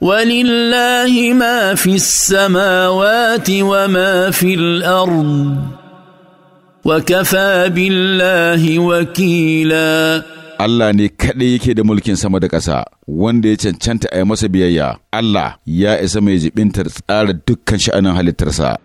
ولله ما في السماوات وما في الارض وكفى بالله وكيلا Allah ne kaɗai yake da mulkin sama da ƙasa, wanda ya cancanta a yi masa biyayya, Allah ya isa mai jibintar tsara dukkan sha'anin halittarsa.